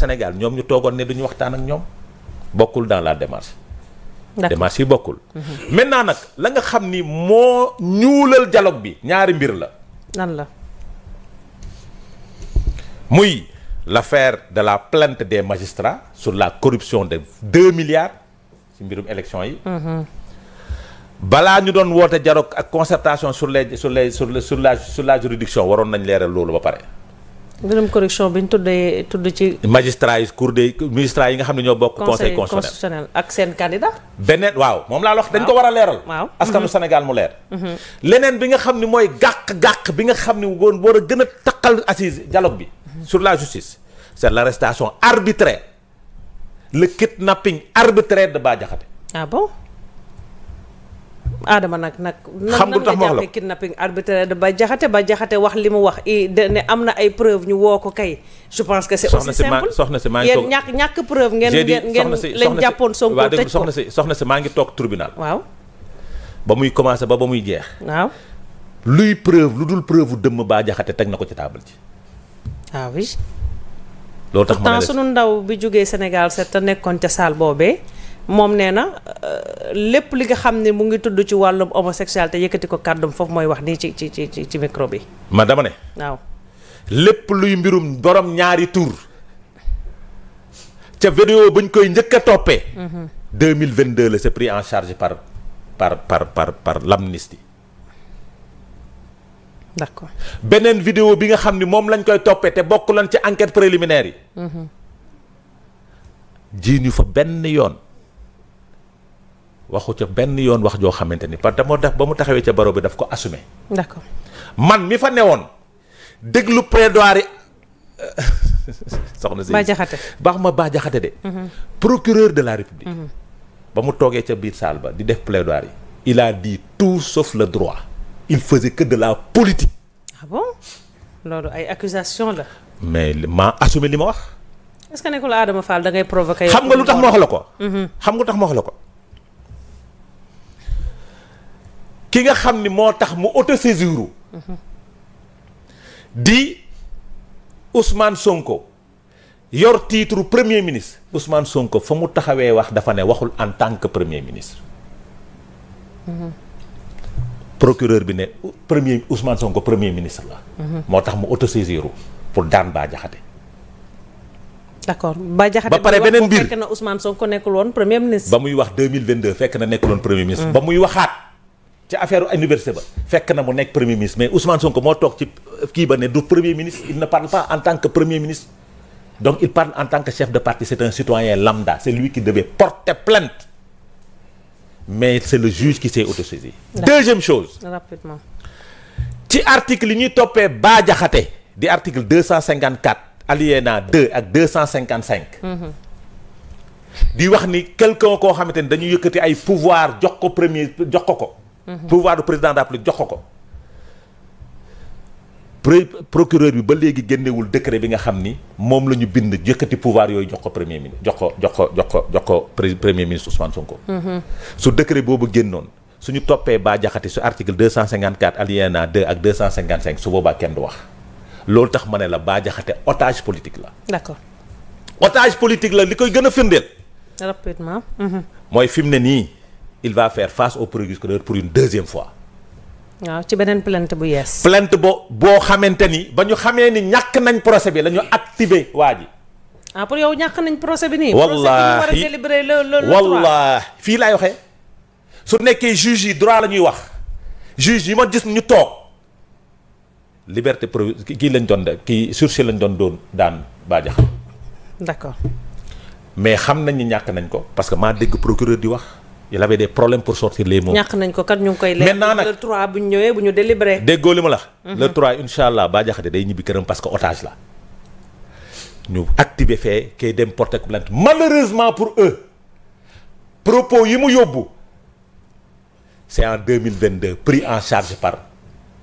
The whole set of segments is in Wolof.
Sénégal ñoom ñu toogoon ne duñu waxtaan ak ñoom bokkul dans la démarche. démarche yi bokkul. Mhm. maintenant nag la nga xam ni moo ñuulal dialogue bi ñaari mbir la. nan la. muy l'affaire de la plainte des magistrats sur la corruption de deux milliards ci mbirum élection yi. Mhm. balaa ñu doon woote dialogue ak concertation sur les sur les sur la sur la juridiction waroon nañ leeral loolu ba pare. mbirum corruption bi ñu tuddee tudd ci. magistrat yi cour des magistrats yi nga xam ne ñoo bokk. conseil constitutionnel ak seen candidat. beneen waaw moom laa wax dañ ko war a leeral. waaw askanu mhm. senegal mu leer. Mhm. leneen bi nga xam ne mooy gàq-gàq bi nga xam ne woon war a gën a taqal assise dialogue bi. sur la justice c'est l'arrestation arbitraire le kidnapping arbitraire de Bah Diakhaté. ah bon. aadama nag nag. xam nga tax ma wax la nan nga jàppee ba jaxate wax li mu wax ne am na ay preuve woo ko kay. je pense que c'est aussi simple soxna si maa ñàkk ñàkk preuve. ngeen ngeen ngeen leen jàppoon Sonko tëj ko soxna si soxna si toog tribunal. waaw. ba muy commencé ba ba muy jeex. waaw. luy preuve lu dul preuve dëmm ba jaxate teg na ko ci table ji. ah oui. loolu tax ma ne sunu ndaw bi jógee Sénégal set te nekkoon ca saal boobee. moom nee na euh, lépp li nga xam ne mu ngi tudd ci wàllum homosexualité yëkkati ko kàddum foofu mooy wax nii ci ci ci ci micro bi. ma dama ne. waaw lépp luy mbirum borom ñaari tur ca vidéo buñ koy njëkk a toppee. Mhm. deux la c'est pris en charge par par par par par l'amnistie. beneen vidéo bi nga xam ni moom lañ koy toppee te bokk lan ci enquête préliminaire yi. Mhm. jiiñu fa benn yoon. waxu ca benn yoon wax joo xamante ni parce que moo def ba mu taxawee ca baro bi daf ko assumé. d'accord man mi fa newoon déglu plaidoirie euh, soxna si. Bah Diakhaté baax ma Bah Diakhaté de. Mhm. de la mhm. ba mu toogee ca biir salle ba di def plaidoirie yi. il a dit tout sauf le droit. il faisait que de la politique. ah la. mais ma assumé li ma wax. xam nga lu tax ma wax la ko. Mhm. xam nga lu tax ma wax la ko. ki nga xam ni moo tax mu autosaisir di Ousmane Sonko yor titre premier ministre Ousmane Sonko fa mu taxawee wax dafa ne waxul en tant que premier ministre. procureur bi ne premier Ousmane Sonko premier ministre la. moo tax mu autosaisir pour daan Bah Diakhaté. d'accord Bah Diakhaté ba pare beneen mbir fekk na Ousmane ba muy wax 2022 fekk na nekkul woon premier ministre. Mm. ba muy waxaat. ci affaire université ba fekk na mu nekk premier ministre mais Ousmane Sonko moo toog ci euh, kii ba ne du premier ministre il ne parle pas en tant que premier ministre donc il parle en tant que chef de parti c'est un citoyen lambda c'est lui qui devait porter plainte mais c'est le juge qui s'est autosaisi deuxième chose rapidement ci article yi ñuy toppee Bah di article mhm. di wax ni quelqu'un koo xamante ni dañu yëkkati ay pouvoir jox ko premier jox ko ko Mhm. pouvoir du président de jox ko ko. procureur bi ba léegi génnewul décret bi nga xam ni moom la ñu bind jëkkati pouvoir yooyu jox ko premier ministre jox ko jox ko jox ko jox ko premier ministre Ousmane Sonko. Mhm. su décret boobu génnoon suñu toppee baa jaxati su article 254 alinéa 2 ak 255 su boobaa kenn du wax loolu tax ma ne la baa jaxate otage politique la. d'accord otage la li koy gën a firndeel. Mhm. mooy fi ne nii. il va faire face au procureur pour une deuxième fois. waaw ci beneen plainte bu yees. plainte bo boo xamante ni ba ñu xamee ni ñàkk nañ procès bi la ñu activé waa ji. ah pour yow ñàkk nañ procès bi nii. wallaahi procès bi ñu war fii laay waxee su nekkee juge yi droit la ñuy wax juge yi ma gis ñu toog liberté pro kii lañ doon kii sursis lañ doon doon daan baa jaxam. d'accord. mais xam nañ ñàkk nañ ko parce que maa dégg procureur di wax. il avait des problèmes pour sortir les mots. ñàkk nañ ko kat ñu ngi koy. maintenant nag le 3 bu ñu ñëwee bu ñu délibéré. déggoo li ma la. Mhm. le 3 incha allah Bah Diakhaté day ñibbi këram parce que otage la ñu activé fee kay dem porter plainte malheureusement pour eux propos yi mu yóbbu c'est pris en charge par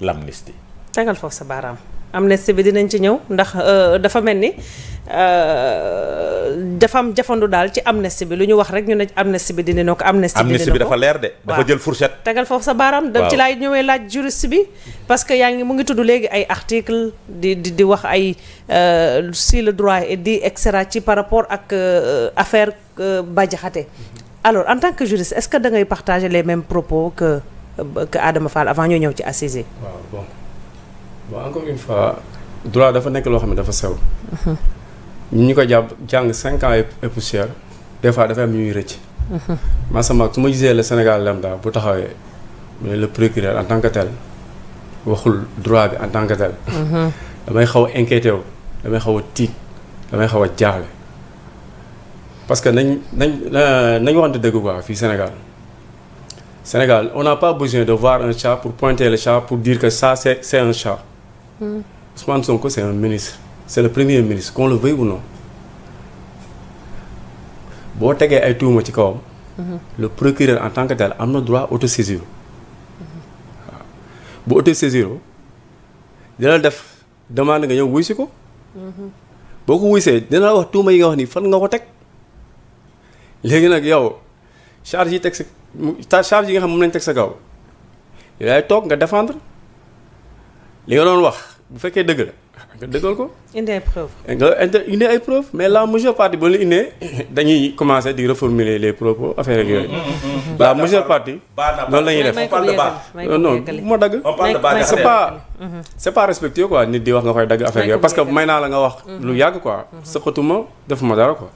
l'amnistie. tegal foofu sa baaraam. amnistie bi dinañ ci ñëw ndax euh, dafa mel ni euh, dafa am jafandu daal ci amnistie bi lu ñu wax rek ñu ne amnistie bi dindi na ko amnistie bi amnistie bi dafa leer de dafa jël fourchette tegal foofu sa baaraam da ci laay ñëwee laaj juriste bi parce que yaa ngi mu ngi tuddu léegi ay article di di di wax ay euh, si le droit est dit et cetera ci par rapport ak affaire Bah Diakhaté alors en tant que juriste est-ce que da ngay partager les mêmes propos que que Adama avant ñoo ñëw ci assises bon encore une fois droit dafa nekk loo xam ne dafa sew. ñu mhm. ñu ko jàpp jàng cinq ans et poussière des fois dafay am ñuy rëcc. Mhm. Massamba su ma gisee le Sénégal lambda bu taxawee le procureur en tant que tel waxul droit bi en tant que tel. Mhm. damay xaw a inquiété wu damay xaw a damay xaw a jaaxle parce que nañ nañ nañ waxante dëgg quoi fii Sénégal Sénégal on n'a pas besoin de voir un chat pour pointer le chat pour dire que ça c'est un chat. Hmm. Ousmane Sonko c'est un ministre c'est le premier ministre qu'on le veuille ou non boo tegee ay tuuma ci kawam. Hmm. le procureur en tant que tel am na droit autosaisir waaw hmm. bu autosaisir dina la def demande nga yow wuy ko. boo ko wuysee dina la wax tuuma yi nga wax ni fan nga ko teg léegi nag yow charge yi teg sa charge yi nga xam moom nañ teg sa kaw yaay toog nga défendre. li nga doon wax bu fekkee dëgg la nga dëggal ko. indi ay preuves. ay preuves mais la majeure partie boo la indee dañuy commencer di reformuler les propos affaire ak yooyu. la majeure partie. loolu la ñuy def non non bu ma dagg. Mhm. c'est pas c'est pas respecté quoi nit di wax nga koy dagg affaire yooyu parce que may naa la nga wax. Mhm. lu yàgg ko quoi mhm. ma defuma dara quoi.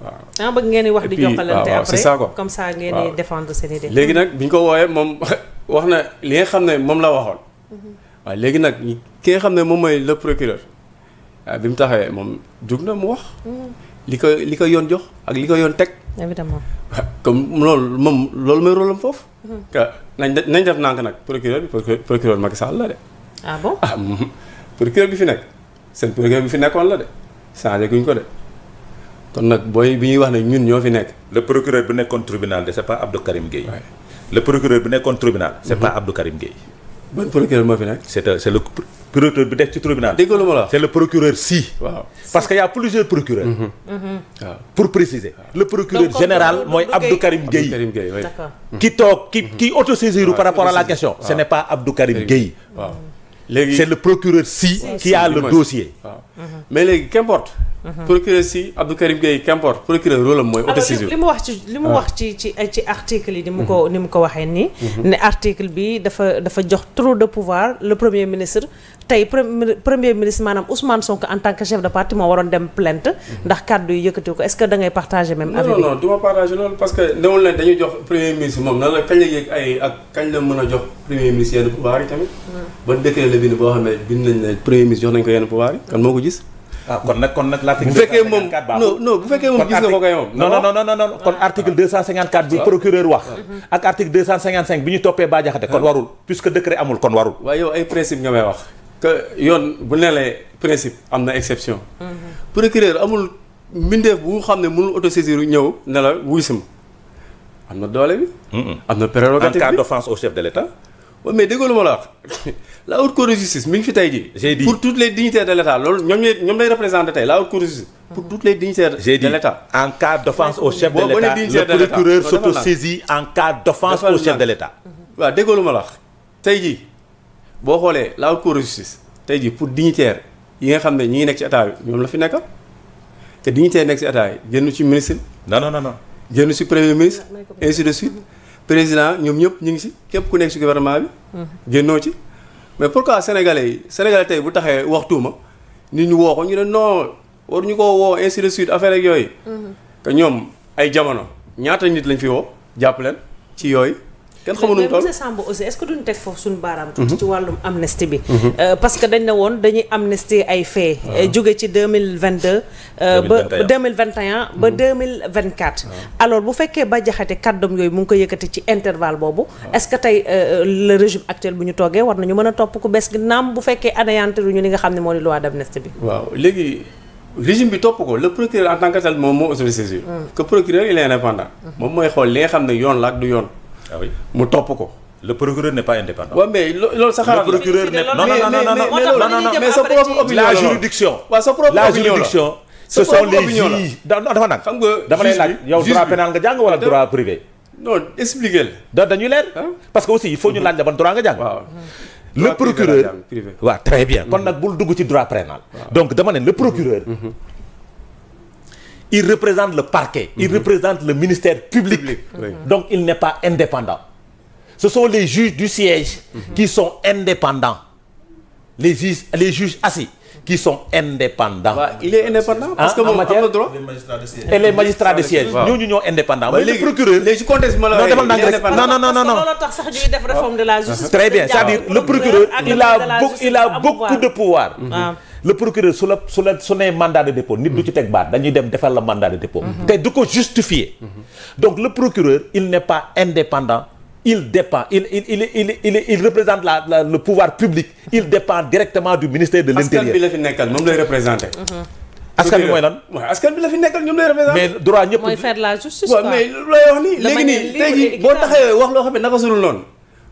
waaw dama bëgg ngeen di wax di jokkalante après c'est ça quoi comme léegi nag bi ñu ko wooyee moom wax na li nga xam ne moom la waxoon. waaw léegi nag ki nga xam ne moom mooy le procureur waaw bi mu taxawee moom jug na mu wax. Mm-hmm. li ko li ko yoon jox ak li ko yoon teg. évidemment comme loolu moom loolu mooy rôle am foofu. Mm-hmm. nañ def nañ def nag procureur bi procureur Macky Sall la de. ah bon ah mm-hmm. procureur bi fi nekk seen procureur bi fi nekkoon la de changé guñ ko de. kon nag booy bi ñuy wax ne ñun ñoo fi nekk. le procureur bi nekkoon tribunal de c'est pas Abdou Karim Gueye. le procureur bi nekkoon tribunal. c'est pas Abdou Karim Gueye. ban procureur moo fi nekk. c' le procureur bi def ci tribunal. dégg le procureur si. parce que y' a plusieurs procureurs. Mm-hmm. Mm-hmm. waaw pour préciser. le procureur général mooy Abdou Karim mm-hmm. ki toog ki ki autosaisir par rapport à la question. ce n' pas Abdou Karim Gueye. le procureur si. qui a le dossier. mais léegi qu' Uh-huh. procureur si Abdou Karim Gueye qu'importe procureur rôle am mooy autosaisir li mu wax ci li mu ah. wax ci ci ci yi ni mu uh-huh. ko ni mu ko waxee nii uh-huh. ne article bi dafa dafa jox trop de pouvoir le premier ministre tey premier ministre maanaam Ousmane Sonko en tant que chef de parti waroon dem plainte ndax kàddu yi ko est-ce que da ngay partager même avis loolu parce que newul ne dañuy jox premier ministre moom nan la kañ la yëg ak kañ la a jox premier ministre hmm. ko yenn ah kon nag kon nag l'article. bu fekkee moom non non bu fekkee moom gis nga ko kay moom. non non non non kon article 254 bi ah. procureur wax. Ah. ak article 255 bi ñu toppee Bah Diakhaté kon ah. warul puisque décret amul kon warul. waaw yow ay principe nga may wax. que yoon bu nelee principe am na exception. Mhm. procureur amul mbindeef bu xam ne mënul autosaisir ñëw ne la wuy si ma am na doole bi. am na prérogative bi en cas d'offense au chef de l'État. waaw mais déggoo lu ma la wax la haute fi tey jii. j'ai dit les dignitaires l' état loolu ñoom ñooy ñoom lay représenté tey la haute cour de d' offense au chef de l' l' mhm. tey jii boo xoolee la haute cour de justice tey jii pour dignitaire yi nga xam ne ñi ngi nekk ci état bi ñoom la fi nekkal te dignitaire nekk ci état yi génn ci ministre. non non non génn ci premier ministre ah, ainsi de suite. Mm-hmm. président ñoom ñëpp ñu ngi si képp ku nekk si gouvernement bi. génnoo ci mais pourquoi sénégalais yi sénégalais bu taxee waxtuuma nit ñu woo ko ñu ne non ñu ko woo ainsi de suite affaire ak yooyu. Mm-hmm. que ñoom ay jamono ñaata nit lañ fi woo jàpp leen ci yooyu. kenn xamul nu mu toll mais monsieur Samba aussi est-ce teg foofu suñu baaraam. tuuti mhm. ci wàllum amnistie bi. Mhm. Euh, parce que dañ ne woon dañuy amnistie ay faits. Ah. Euh, jóge ci deux mille vingt deux. ba euh, de mille vingt ba deux mille vingt mhm. quatre. Ah. alors bu fekkee ba jaxate kàddoom yooyu mu ngi ko yëkkati ci intervalle boobu. Ah. est-ce que tey le régime actuel bu ñu toogee war nañu mën a topp ku bees gi naam bu fekkee anéantiruñu li nga xam ne moo di loi d'amnistie bi. waaw léegi régime bi topp ko le procureur en mm. mm-hmm. mooy xool li nga xam ne yoon la yoon. ah oui mu topp ko. le procureur n'est pas indépendant. waaw mais loolu sa xalaat la le procureur n'est non non non mais la juridiction. waaw sa propre opinion la juridiction. nag. dama lay laaj yow droit pénal nga jàng wala droit privé. non dañuy leer. parce que aussi il ñu mmh. laaj la ban droit nga jàng. waaw procureur. waaw très bien. kon mmh. nag bul dugg ci droit pénal. donc dama ne le procureur. Mmh. il représente le parquet. il mhm. représente le ministère public. donc il n'est pas indépendant. ce sont les juges du siège. Mhm. qui sont indépendants. les juges les juges assis. qui sont indépendants. et les magistrats de siège. ñooñu ñoo indépendant. mais léegi léegi contexte ma la waxee non ah. très bien c'est-à-dire le procureur il a beaucoup de pouvoir. le procureur su la su la su nee mandat de dépôt nit du ci teg baat dañuy dem defal la mandat de dépôt mhm. te du ko justifier mhm. donc le procureur il n'est pas indépendant il dépend il représente la, le pouvoir public il dépend directement du ministère de l'intérieur askan bi la fi nekkal moom lay représenté mhm. askan bi mooy lan askan bi la fi nekkal ñoom lay représenté mais droit ñëpp mooy faire la justice quoi mais looy wax nii léegi nii léegi boo taxawee wax loo xam ne naka sunul noonu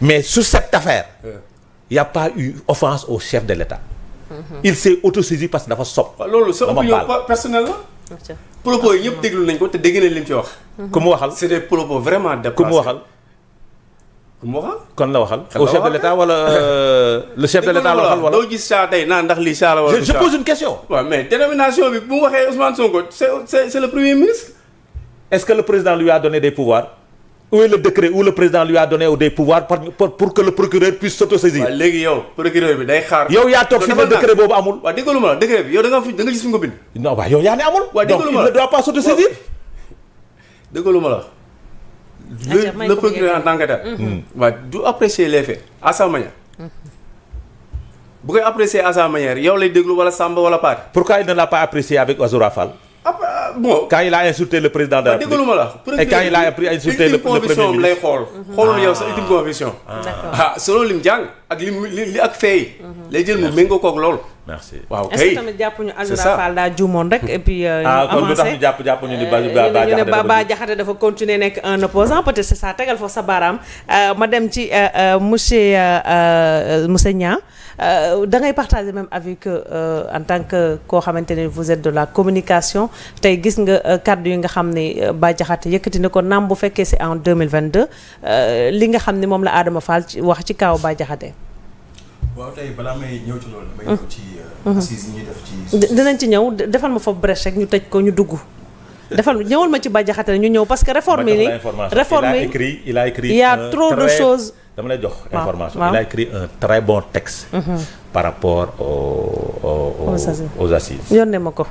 mais sur cette affaire y a pas eu offense au chef de l'État mm-hmm. il s'est autosaisi parce que dafa sob loolu sa opinion personnelle la propos yi ñëpp déglu nañ ko te dégg nañ li mu ci wax mm-hmm. ku mu waxal mu waxal ku mu waxal kon la waxal au chef de l'État wala euh, le chef de l'État la waxal wala doo gis saa tey naa ndax lii saa wala je pose une question waaw mais dénomination bi bu mu waxee Ousmane Sonko c'est c'est le premier ministre est-ce que le président lui a donné des pouvoirs où est le décret où le président pour que le procureur puisse s'autosaisir. waaw léegi yow procureur bi day xaar. yow yaa toog fi ma décret boobu amul. waaw déggalu la décret bi yow da nga fi da nga gis fi nga bind. non waaw yow yaa ne amul. waaw ma la donc il ne mm-hmm. Mm-hmm. du apprécier les faits à sa manière. Mm-hmm. bu koy apprécier à sa yow lay déglu wala Samba wala Paate. pourquoi il ne l'a pas apprécié avec Azoura Fall. bon quand il le président de la ah, République déglu ma la. et quand il a insulté le premier ministre ultime ah. conviction ah, lim jàng ak lim li ak feey mhm. lay jël mu méngoo koog loolu. merci waaw kay est-ce que tamit jàpp ñu Alioune Fall daa juumoon rek et puis. Euh, ah, avancé kon jàpp jàpp ne Ba eh, Jaxate dafa continuer nekk un opposant peut-être c'est ça tegal foofu sa baaraam euh, ma dem ci euh, monsieur monsieur Niang da ngay partager même avec en tant que koo xamante ne vous de la communication tey gis nga kàddu yi nga xam ne Ba Jaxate yëkkati na ko naam bu fekkee si en 2022 li nga xam ne moom la aadama Fall wax ci kaw Ba Jaxate waaw tey balaa may ñëw ci loolu damay mhm. ñëw ci euh, mhm. assises dinañ ci ñëw defal ma foofu brèche rek ñu tëj ko ñu dugg. defal ñëwal ma ci Bah ñu ñëw parce que réforme yi. réforme yi il a écrit il a trop de choses. dama lay jox information il a écrit un très bon mhm. par rapport aux aux aux ma ko.